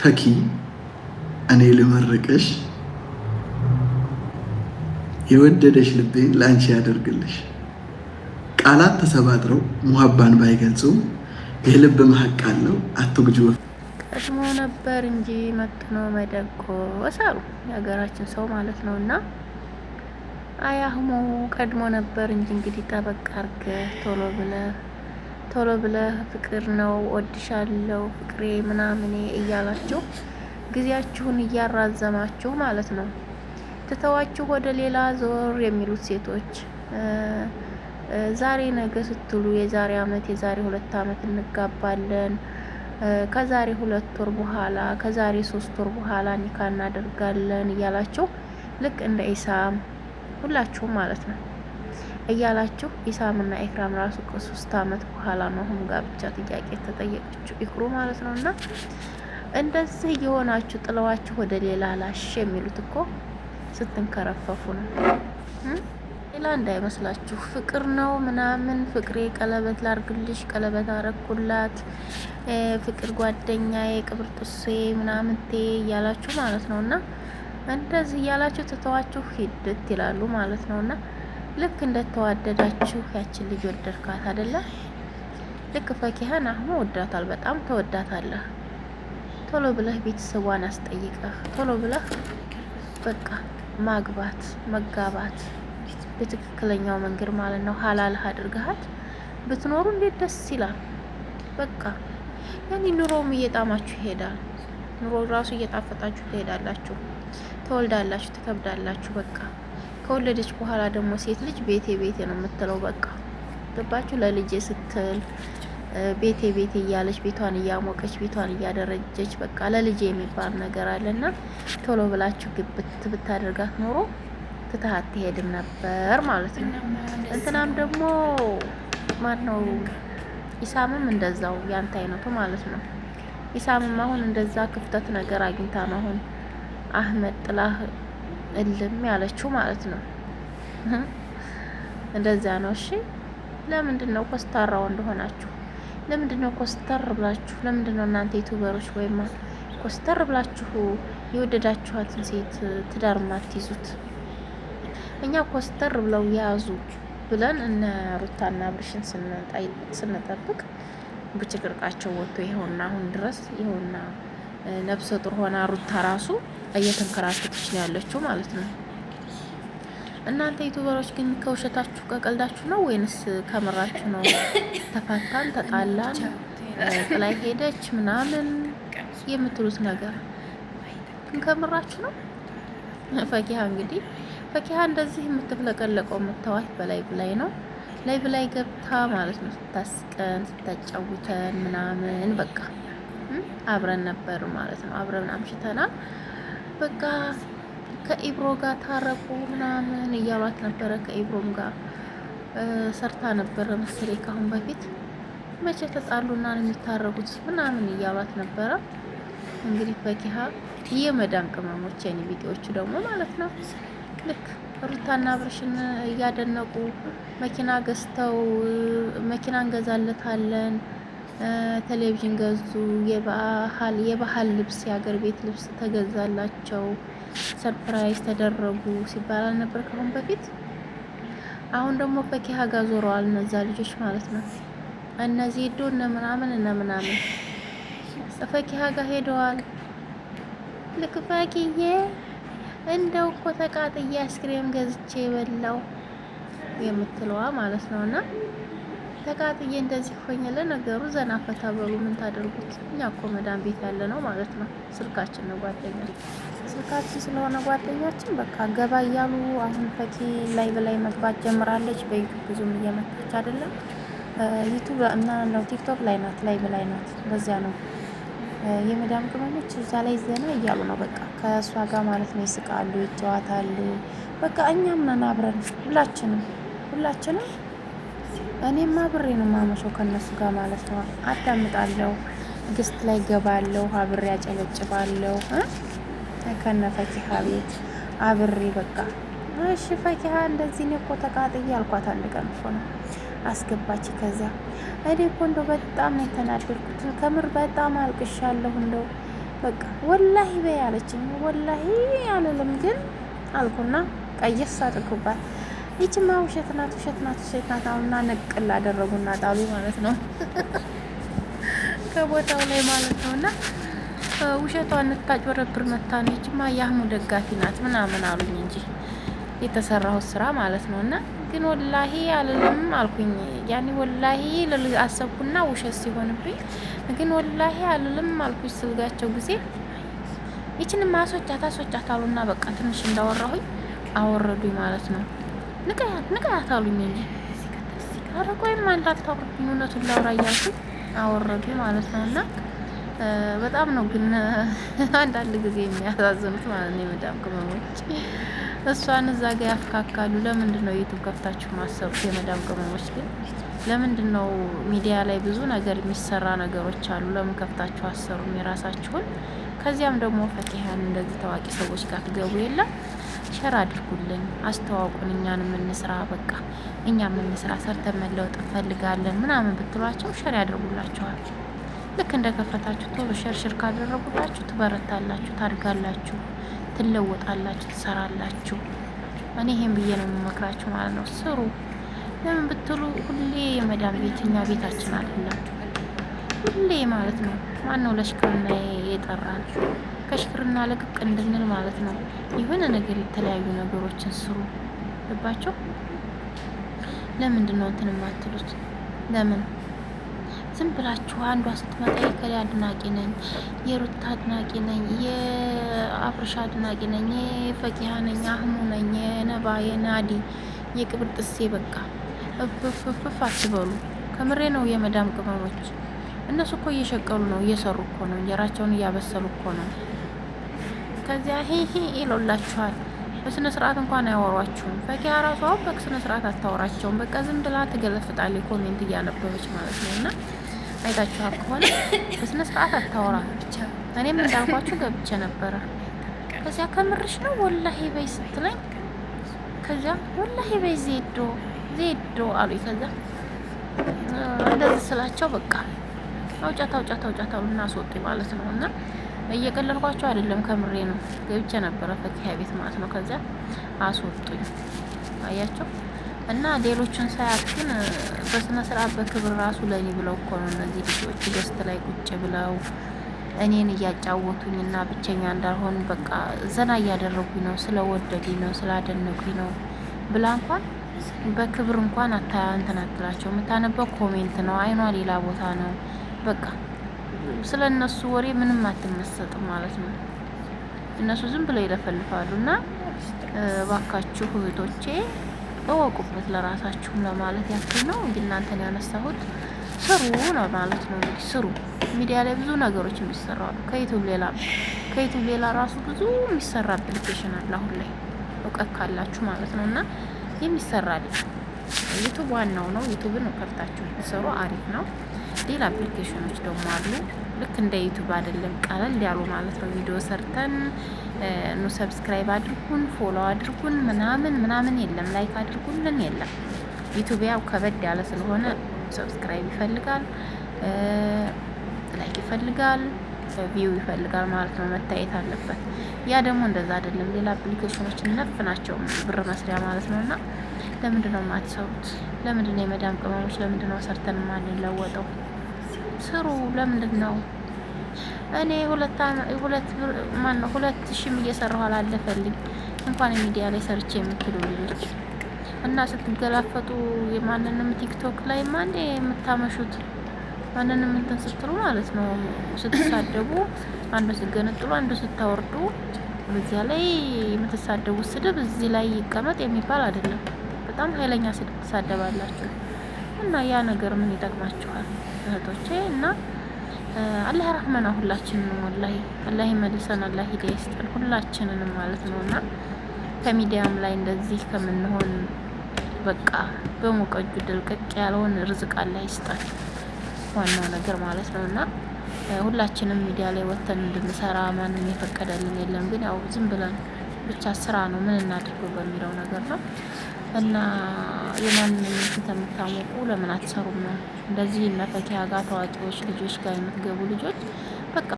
ፈኪ እኔ ልመርቅሽ፣ የወደደሽ ልቤን ለአንቺ ያደርግልሽ። ቃላት ተሰባጥረው ሙሀባን ባይገልጹም የልብ መሀቅ አለው አትጉጅ ወፍ ቀድሞ ነበር እንጂ መጥኖ መደጎስ አሉ የሀገራችን ሰው ማለት ነው። እና አያህሙ ቀድሞ ነበር እንጂ እንግዲህ ጠበቅ አድርገህ ቶሎ ብለህ ቶሎ ብለህ ፍቅር ነው ወድሻለሁ፣ ፍቅሬ ምናምኔ እያላችሁ ጊዜያችሁን እያራዘማችሁ ማለት ነው። ትተዋችሁ ወደ ሌላ ዞር የሚሉት ሴቶች ዛሬ ነገ ስትሉ የዛሬ አመት የዛሬ ሁለት አመት እንጋባለን ከዛሬ ሁለት ወር በኋላ ከዛሬ ሶስት ወር በኋላ ኒካ እናደርጋለን እያላችሁ ልክ እንደ ኢሳም ሁላችሁም ማለት ነው እያላችሁ ኢሳምና ኢክራም ራሱ ከሶስት አመት በኋላ ነው አሁን ጋብቻ ጥያቄ ተጠየቀችው ኢክሩ ማለት ነው። እና እንደዚህ የሆናችሁ ጥለዋችሁ ወደ ሌላ ላሽ የሚሉት እኮ ስትንከረፈፉ ነው። ሌላ እንዳይመስላችሁ ፍቅር ነው ምናምን። ፍቅሬ ቀለበት ላርግልሽ፣ ቀለበት አረኩላት፣ ፍቅር ጓደኛዬ፣ ቅብር ጥሴ ምናምን እያላችሁ ማለት ነው እና እንደዚህ እያላችሁ ትተዋችሁ ሂድት ይላሉ ማለት ነው እና ልክ እንደተዋደዳችሁ ያችን ልጅ ወደድካት አደለ? ልክ ፈኪሀን አህሙ ወዳታል፣ በጣም ተወዳታለህ። ቶሎ ብለህ ቤተሰቧን አስጠይቀህ ቶሎ ብለህ በቃ ማግባት መጋባት በትክክለኛው መንገድ ማለት ነው። ሀላልህ አድርገሃት ብትኖሩ እንዴት ደስ ይላል። በቃ ያኔ ኑሮውም እየጣማችሁ ይሄዳል። ኑሮ ራሱ እየጣፈጣችሁ ትሄዳላችሁ፣ ተወልዳላችሁ ትከብዳላችሁ። በቃ ከወለደች በኋላ ደግሞ ሴት ልጅ ቤቴ ቤቴ ነው የምትለው። በቃ ገባችሁ? ለልጄ ስትል ቤቴ ቤቴ እያለች ቤቷን እያሞቀች ቤቷን እያደረጀች በቃ ለልጄ የሚባል ነገር አለና ቶሎ ብላችሁ ግብት ብታደርጋት ኖሮ ትትሀት ትሄድም ነበር ማለት ነው። እንትናም ደግሞ ማን ነው ኢሳምም እንደዛው ያንተ አይነቱ ማለት ነው። ኢሳምም አሁን እንደዛ ክፍተት ነገር አግኝታ ነው አሁን አህመድ ጥላህ እልም ያለችው ማለት ነው። እንደዛ ነው። እሺ ለምንድን ነው ኮስታራው እንደሆናችሁ? ለምንድን ነው ኮስተር ብላችሁ? ለምንድን ነው እናንተ ዩቱበሮች ወይማ ኮስተር ብላችሁ የወደዳችኋትን ሴት ትዳር ማትይዙት? እኛ ኮስተር ብለው ያዙ ብለን እነ ሩታና ብርሽን ስንጠብቅ ብጭቅርቃቸው ወጥቶ ይኸውና አሁን ድረስ ይኸውና ነብሰ ጡር ሆና ሩታ ራሱ እየተንከራተተች ነው ያለችው ማለት ነው። እናንተ ዩቱበሮች ግን ከውሸታችሁ ከቀልዳችሁ ነው ወይንስ ከምራችሁ ነው? ተፋታን፣ ተጣላን፣ ጥላይ ሄደች ምናምን የምትሉት ነገር ግን ከምራችሁ ነው? ፈኪሀ እንግዲህ ፈኪሀ እንደዚህ የምትፍለቀለቀው መታዋት በላይ ብላይ ነው ላይ ብላይ ገብታ ማለት ነው ስታስቀን ስታጫውተን ምናምን በቃ አብረን ነበር ማለት ነው አብረን አምሽተናል። በቃ ከኢብሮ ጋር ታረቁ ምናምን እያሏት ነበረ። ከኢብሮም ጋር ሰርታ ነበረ መሰለኝ ካሁን በፊት መቼ ተጣሉና ነው የሚታረጉት ምናምን እያሏት ነበረ። እንግዲህ ፈኪሀ የመዳን ቅመሞች የኔ ቢጤዎቹ ደግሞ ማለት ነው ልክ ሩታና ብርሽን እያደነቁ መኪና ገዝተው መኪና እንገዛለታለን ቴሌቪዥን ገዙ፣ የባህል የባህል ልብስ የሀገር ቤት ልብስ ተገዛላቸው፣ ሰርፕራይዝ ተደረጉ ሲባል አልነበር ከአሁን በፊት? አሁን ደግሞ ፈኪሀ ጋር ዞረዋል እነዛ ልጆች ማለት ነው። እነዚህ ዶ እነ ምናምን እነ ምናምን ፈኪሀ ጋር ሄደዋል። ልክ ፈኪዬ እንደው እኮ ተቃጥዬ አይስክሬም ገዝቼ የበላው የምትለዋ ማለት ነውና ተቃጥዬ እንደዚህ ሆኜ ለነገሩ ዘና ፈታ በሉ ምን ታደርጉት። እኛ እኮ መዳን ቤት ያለ ነው ማለት ነው። ስልካችን ነው ጓደኛ ስልካችን ስለሆነ ጓደኛችን በቃ ገባ እያሉ አሁን ፈኪ ላይ በላይ መግባት ጀምራለች። በዩቱብ ብዙም እየመጣች አይደለም። ዩቱብ እና ነው ቲክቶክ ላይ ናት፣ ላይ በላይ ናት። በዚያ ነው የመዳም ቅመሞች እዛ ላይ ዘና እያሉ ነው በቃ ከእሷ ጋር ማለት ነው። ይስቃሉ፣ ይጫዋታሉ። በቃ እኛም ነን አብረን ሁላችንም ሁላችንም እኔም አብሬ ነው የማመሸው ከነሱ ጋር ማለት ነው። አዳምጣለሁ፣ ግስት ላይ ገባለሁ፣ አብሬ አጨለጭባለሁ ከነ ፈኪሀ ቤት አብሬ በቃ እሺ ፈኪሀ እንደዚህ እኔ እኮ ተቃጥዬ አልኳት። አንድ ቀን እኮ ነው አስገባች። ከዚያ እኔ እኮ እንደው በጣም ነው የተናደድኩት፣ ከምር በጣም አልቅሻለሁ። እንደው በቃ ወላሂ በይ አለችኝ። ወላሂ አልልም ግን አልኩና ቀየስ አድርጉባት ይችማ ውሸት ናት፣ ውሸት ናት፣ ውሸት ናት አሁና ነቅል አደረጉና ጣሉ ማለት ነው ከቦታው ላይ ማለት ነው። እና ውሸቷን ታጭበረብር መታ ነው ይችማ የአህሙ ደጋፊ ናት ምናምን አሉኝ እንጂ የተሰራሁት ስራ ማለት ነው። እና ግን ወላሂ አልልም አልኩኝ። ያኔ ወላሂ ልል አሰብኩና ውሸት ሲሆንብኝ ግን ወላሂ አልልም አልኩኝ ስልጋቸው ጊዜ ይችን አስወጫት አስወጫት አሉና በቃ ትንሽ እንዳወራሁኝ አወረዱኝ ማለት ነው። ንቀያት ንቀያት አሉኝ እንጂ ኧረ ቆይም አንዳት እውነቱን ላውራ እያልኩኝ አወረዱ ማለት ነው። እና በጣም ነው ግን አንዳንድ ጊዜ የሚያሳዝኑት ማለት ነው የመዳም ቅመሞች እሷን እዛ ጋ ያፍካካሉ። ለምንድን ነው ዩቱብ ከፍታችሁ ማሰሩት? የመዳም ቅመሞች ግን ለምንድን ነው ሚዲያ ላይ ብዙ ነገር የሚሰራ ነገሮች አሉ። ለምን ከፍታችሁ አሰሩም የራሳችሁን? ከዚያም ደግሞ ፈኪሀን እንደዚህ ታዋቂ ሰዎች ጋር ትገቡ የለም ሸር አድርጉልን፣ አስተዋውቁን፣ እኛንም እንስራ፣ በቃ እኛም እንስራ፣ ሰርተን መለወጥ እንፈልጋለን ምናምን ብትሏቸው ሸር ያደርጉላችኋል። ልክ እንደ ከፈታችሁ ቶሎ ሸርሽር ካደረጉላችሁ ትበረታላችሁ፣ ታድጋላችሁ፣ ትለወጣላችሁ፣ ትሰራላችሁ። እኔ ይሄን ብዬ ነው የምመክራችሁ ማለት ነው። ስሩ። ለምን ብትሉ ሁሌ የመዳን ቤት እኛ ቤታችን አልላችሁ ሁሌ ማለት ነው። ማን ነው ለሽክርና የጠራን? ከሽፍርና ለቅቅ እንድንል ማለት ነው። የሆነ ነገር የተለያዩ ነገሮችን ስሩ ልባቸው። ለምንድን ነው እንትን የማትሉት? ለምን ዝም ብላችሁ አንዷ ስትመጣ የከሌ አድናቂ ነኝ፣ የሩታ አድናቂ ነኝ፣ የአፍርሻ አድናቂ ነኝ፣ የፈቂሃ ነኝ፣ አህሙ ነኝ፣ የነባ የናዲ የቅብር ጥሴ በቃ እፍፍፍፍ አትበሉ። ከምሬ ነው። የመዳም ቅመሞች እነሱ እኮ እየሸቀሉ ነው፣ እየሰሩ እኮ ነው፣ እንጀራቸውን እያበሰሉ እኮ ነው። ከዚያ ሂሂ ይሎላችኋል በስነ ስርዓት እንኳን አያወሯችሁም። ፈኪያ ራሷ በስነ ስርዓት አታወራቸውም። በቃ ዝም ብላ ትገለፍጣል ኮሜንት እያነበበች ማለት ነው። እና አይታችኋል ከሆነ በስነ ስርዓት አታወራ። እኔም እንዳልኳችሁ ገብቼ ነበረ። ከዚያ ከምርሽ ነው ወላሂ በይ ስትለኝ፣ ከዚያ ወላሂ በይ ዜዶ ዜዶ አሉ። ከዚያ እንደዚህ ስላቸው በቃ አውጫት አውጫት አውጫት እናስወጡኝ ማለት ነው እና እየቀለልኳቸው አይደለም፣ ከምሬ ነው። ገብቼ ነበረ ፈኪያ ቤት ማለት ነው። ከዚያ አስወጡኝ። አያቸው እና ሌሎችን ሳያት በስነ ስርዓት በክብር ራሱ ለእኔ ብለው እኮ ነው እነዚህ ልጆች ገስት ላይ ቁጭ ብለው እኔን እያጫወቱኝ እና ብቸኛ እንዳልሆን በቃ ዘና እያደረጉኝ ነው። ስለወደዱኝ ነው፣ ስላደነቁኝ ነው ብላ እንኳን በክብር እንኳን አታያ እንትን አትላቸው። የምታነበው ኮሜንት ነው፣ አይኗ ሌላ ቦታ ነው በቃ ስለ እነሱ ወሬ ምንም አትመሰጥም ማለት ነው። እነሱ ዝም ብለው ይለፈልፋሉ። እና ባካችሁ እህቶቼ እወቁበት፣ ለራሳችሁም ለማለት ያክል ነው እንጂ እናንተን ያነሳሁት ስሩ ለማለት ነው። እንግዲህ ስሩ። ሚዲያ ላይ ብዙ ነገሮች የሚሰራሉ ከዩቱብ ሌላ ከዩቱብ ሌላ ራሱ ብዙ የሚሰራ አፕሊኬሽን አለ አሁን ላይ እውቀት ካላችሁ ማለት ነው። እና የሚሰራ ዩቱብ ዋናው ነው። ዩቱብን ከፍታችሁ ሰሩ አሪፍ ነው። ሌላ አፕሊኬሽኖች ደግሞ አሉ። ልክ እንደ ዩቱብ አይደለም፣ ቀለል ያሉ ማለት ነው። ቪዲዮ ሰርተን ኑ ሰብስክራይብ አድርጉን፣ ፎሎ አድርጉን፣ ምናምን ምናምን የለም፣ ላይክ አድርጉልን የለም። ዩቱብ ያው ከበድ ያለ ስለሆነ ሰብስክራይብ ይፈልጋል፣ ላይክ ይፈልጋል፣ ቪው ይፈልጋል ማለት ነው። መታየት አለበት። ያ ደግሞ እንደዛ አይደለም። ሌላ አፕሊኬሽኖች ነፍ ናቸው፣ ብር መስሪያ ማለት ነው። እና ለምንድን ነው የማትሰሩት? ለምንድን ነው የመዳም ቅመሞች? ለምንድን ነው ሰርተን የማንለወጠው? ስሩ። ለምንድን ነው እኔ ሁለት ሁለት ነው ሁለት ሺህም እየሰራሁ አላለፈልኝ እንኳን ሚዲያ ላይ ሰርቼ የምትሉ ልጆች እና ስትገላፈጡ የማንንም ቲክቶክ ላይ ማን የምታመሹት ማንንም እንትን ስትሉ ማለት ነው ስትሳደቡ፣ አንዱ ስገነጥሉ አንዱ ስታወርዱ፣ በዚያ ላይ የምትሳደቡት ስድብ እዚህ ላይ ይቀመጥ የሚባል አይደለም። በጣም ኃይለኛ ስድብ ትሳደባላችሁ። እና ያ ነገር ምን ይጠቅማችኋል እህቶቼ? እና አላህ ረህመና ሁላችንንም ወላሂ አላህ ይመልሰን፣ አላህ ሂዳያ ይስጠን ሁላችንንም ማለት ነው። እና ከሚዲያም ላይ እንደዚህ ከምንሆን በቃ በሙቀ እጁ ድልቅቅ ያለውን ርዝቅ አላህ ይስጠን፣ ዋናው ነገር ማለት ነው። እና ሁላችንም ሚዲያ ላይ ወጥተን እንድንሰራ ማንም የፈቀደልን የለም። ግን ያው ዝም ብለን ብቻ ስራ ነው ምን እናድርገው በሚለው ነገር ነው። እና የማንንም የምታሞቁ ለምን አትሰሩም ነው እንደዚህ እነ ጋር ታዋቂዎች ልጆች ጋር የምትገቡ ልጆች